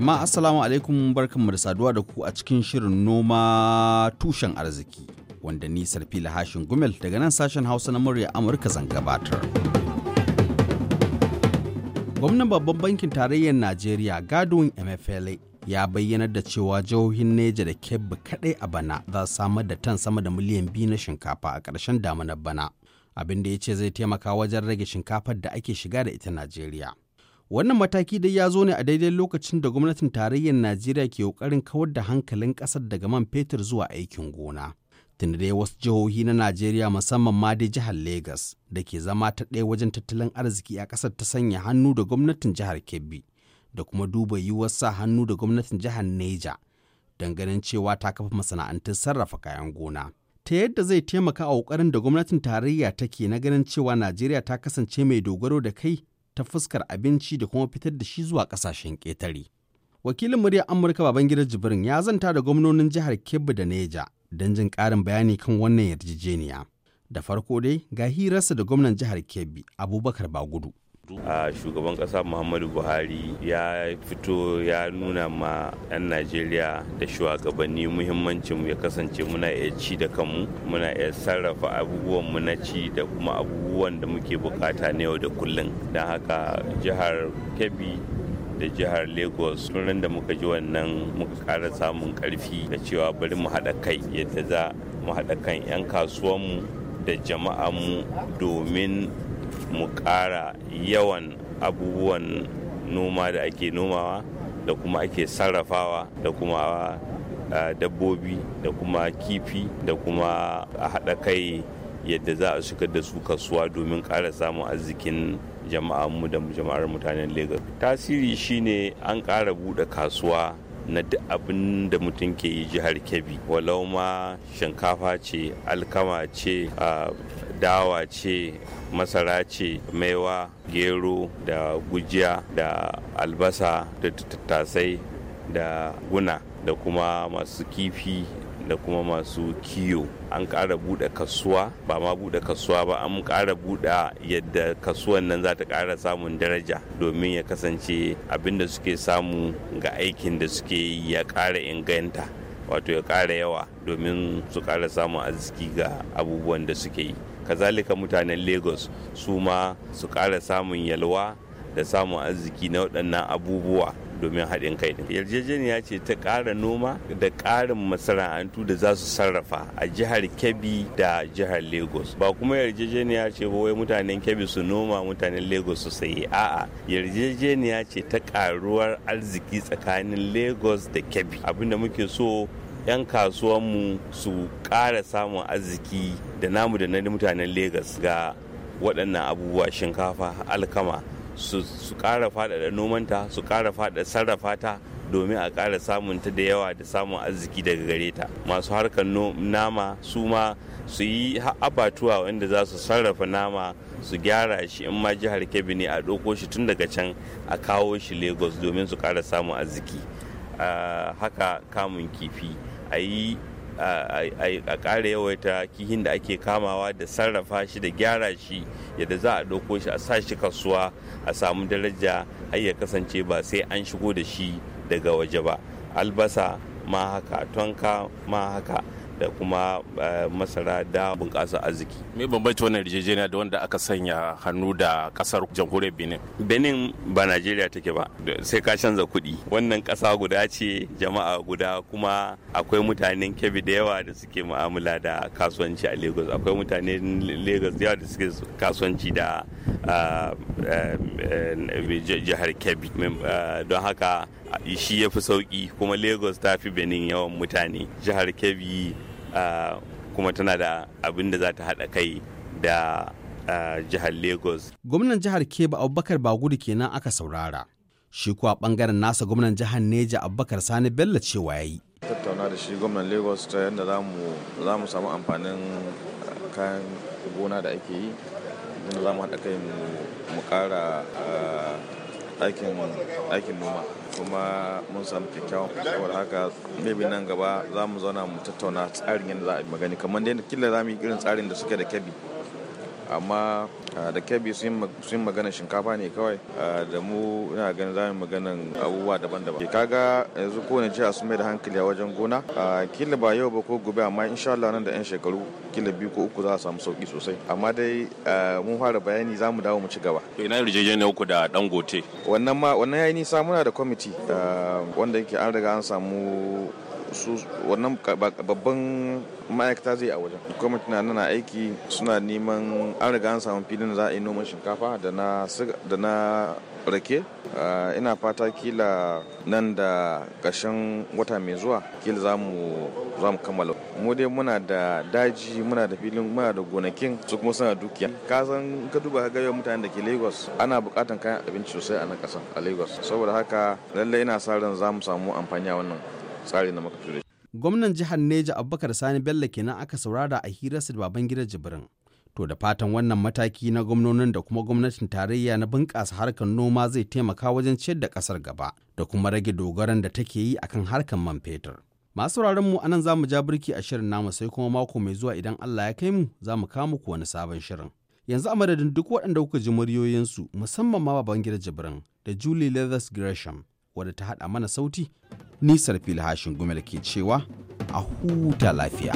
Jama'a Assalamu alaikum barkanmu da saduwa da ku a cikin shirin noma tushen arziki wanda ni Sarfila Hashin Gumel daga nan sashen Hausa na murya Amurka zan gabatar. Gwamnan babban bankin tarayyar Najeriya gadon MFLA ya bayyanar da cewa jihohin Neja da Kebbi kadai a bana za su samar da tan sama da miliyan biyu na shinkafa a ƙarshen damunar bana. Abin da ya ce zai taimaka wajen rage shinkafar da ake shiga da ita Najeriya. Wannan mataki dai ya zo ne a daidai lokacin da gwamnatin tarayyar Najeriya ke kokarin kawar da hankalin kasar daga man fetur zuwa aikin gona. tun dai wasu jihohi na Najeriya musamman ma dai jihar Legas da ke zama ta ɗaya wajen tattalin arziki a ƙasar ta sanya hannu da gwamnatin jihar Kebbi da kuma duba yiwuwar sa hannu da gwamnatin jihar Neja don ganin cewa ta kafa masana'antun sarrafa kayan gona. ta yadda zai taimaka a ƙoƙarin da gwamnatin tarayya take na ganin cewa Najeriya ta kasance mai dogaro da kai ta fuskar abinci da kuma fitar da shi zuwa ƙasashen ƙetare. Wakilin muryar Amurka Babangida Jibrin ya zanta da gwamnonin jihar Kebbi da Neja don jin ƙarin bayani kan wannan yarjejeniya. Da farko dai ga hirarsa da gwamnan jihar Kebbi Abubakar Bagudu. a shugaban kasa muhammadu buhari ya fito ya nuna ma 'yan najeriya da shugabanni muhimmancin ya kasance muna iya ci da kanmu muna iya sarrafa abubuwan mu na ci da kuma abubuwan da muke bukata na yau da kullum don haka jihar kebbi da jihar lagos ran da muka ji wannan muka kara samun karfi da cewa bari mu haɗa kai yadda za mu haɗa kan 'yan kasuwanmu da jama'anmu domin mu ƙara yawan abubuwan noma da ake nomawa da kuma ake sarrafawa da kuma dabbobi da kuma kifi da kuma a haɗa kai yadda za a shigar da su kasuwa domin ƙara samun arzikin jama'armu da jama'ar mutanen lagos tasiri shine an ƙara buɗe kasuwa na duk abin da mutum ke yi jihar kebbi walau ma shinkafa ce alkama ce dawa ce masara ce maiwa gero da gujiya da albasa da tattasai da guna da kuma masu kifi da kuma masu kiyo an ƙara buɗe kasuwa ba ma buɗe kasuwa ba an kara buɗe yadda kasuwan nan za ta ƙara samun daraja domin ya kasance abin da suke samu ga aikin da suke ya ƙara inganta wato ya ƙara yawa domin su ƙara samun arziki ga abubuwan da suke yi kazalika mutanen lagos su ma su kara samun yalwa da samun arziki na waɗannan abubuwa domin haɗin kai ɗin yarjejeniya ce ta ƙara noma da ƙarin masana'antu da za su sarrafa a jihar kebbi da jihar lagos ba kuma yarjejeniya ce ba wai mutanen kebbi su noma mutanen lagos su sayi a'a yarjejeniya ce ta ƙaruwar arziki tsakanin lagos da kebbi abinda muke so 'yan kasuwanmu su ƙara samun arziki da namu da na mutanen Legas ga waɗannan abubuwa shinkafa alkama su ƙara faɗaɗa nomanta su ƙara faɗaɗa sarrafa ta domin a ƙara samun ta da yawa da samun arziki daga gare ta masu harkar nama su ma su yi abatuwa wanda za su sarrafa nama su gyara shi in ma jihar kebbi ne a ɗauko shi tun daga can a kawo shi lagos domin su ƙara samun arziki ah, haka kamun kifi a yi a ƙara yawaita kihin da ake kamawa da sarrafa shi da gyara shi yadda za a ɗauko shi a sa shi kasuwa a samu daraja har ya kasance ba sai an shigo da shi daga waje ba albasa ma haka tonka ma haka da kuma eh, masara da bunƙasa arziki. Me bambanci wannan yarjejeniya da wanda aka sanya hannu da ƙasar jamhuriyar Benin? Benin ba Najeriya take ba sai ka canza kuɗi. Wannan ƙasa guda ce jama'a guda kuma akwai mutanen kebi da yawa da suke mu'amala da kasuwanci a Lagos. Akwai mutanen Lagos da yawa da suke kasuwanci da ah, eh, eh, jihar Kebbi. Don haka shi ya fi sauƙi kuma Lagos ta fi Benin yawan mutane. Jihar Kebbi Uh, kuma tana da abin da za ta haɗa kai da uh, jihar lagos gwamnan jihar keba abubakar bagudu kenan aka saurara shi kuwa bangaren nasa gwamnan jihar neja abubakar sani bello cewa ya yi tattauna da shi gwamnan lagos ta yadda za mu samu amfanin uh, kayan gona da ake yi inda za mu haɗa kai mu ƙara aikin noma kuma mun samu kyakkyawan saboda haka maybe nan gaba za mu zauna mu tattauna tsarin yadda za a yi magani kamar dai kila za mu yi irin tsarin da suke da kabi amma ah, da kebbi sun magana shinkafa ne kawai ah, da mu ina ganin zamu maganan abubuwa daban-daban kaga yanzu kowane jiha sun mai da hankali a wajen gona ah, kila ba yau ba ko gobe amma insha Allah nan da yan shekaru kila biyu ko uku za a samu sauki sosai amma dai mun fara bayani za mu dawo mu ci gaba to ina yarjejeniyar ku da dangote wannan ma wannan yayi nisa muna da kwamiti wanda yake an riga an samu su wannan babban ma'aikata zai a wajen gwamnati na nan aiki suna neman an riga an samu filin za a yi noman shinkafa da na rake ina fata kila nan da ƙarshen wata mai zuwa kila za mu kammala mu dai muna da daji muna da filin muna da gonakin su kuma suna dukiya ka san ka duba ga mutanen da ke lagos ana buƙatan kayan abinci sosai a nan ƙasa a lagos saboda haka lallai ina sa ran za mu samu amfani a wannan tsari na gwamnan jihar neja abubakar sani bello kenan aka saurara a hirarsa da baban gida jibrin to da fatan wannan mataki na gwamnonin da kuma gwamnatin tarayya na bunƙasa harkar noma zai taimaka wajen ciyar da ƙasar gaba da kuma rage dogaran da take yi akan harkar man fetur masu mu anan zamu ja birki a shirin namu sai kuma mako mai zuwa idan allah ya kai mu za mu kawo muku wani sabon shirin yanzu a madadin duk waɗanda kuka ji muryoyinsu musamman ma baban gidan jibrin da julie leathers gresham wadda ta haɗa mana sauti nisar filhashin gumel ke cewa a huta lafiya.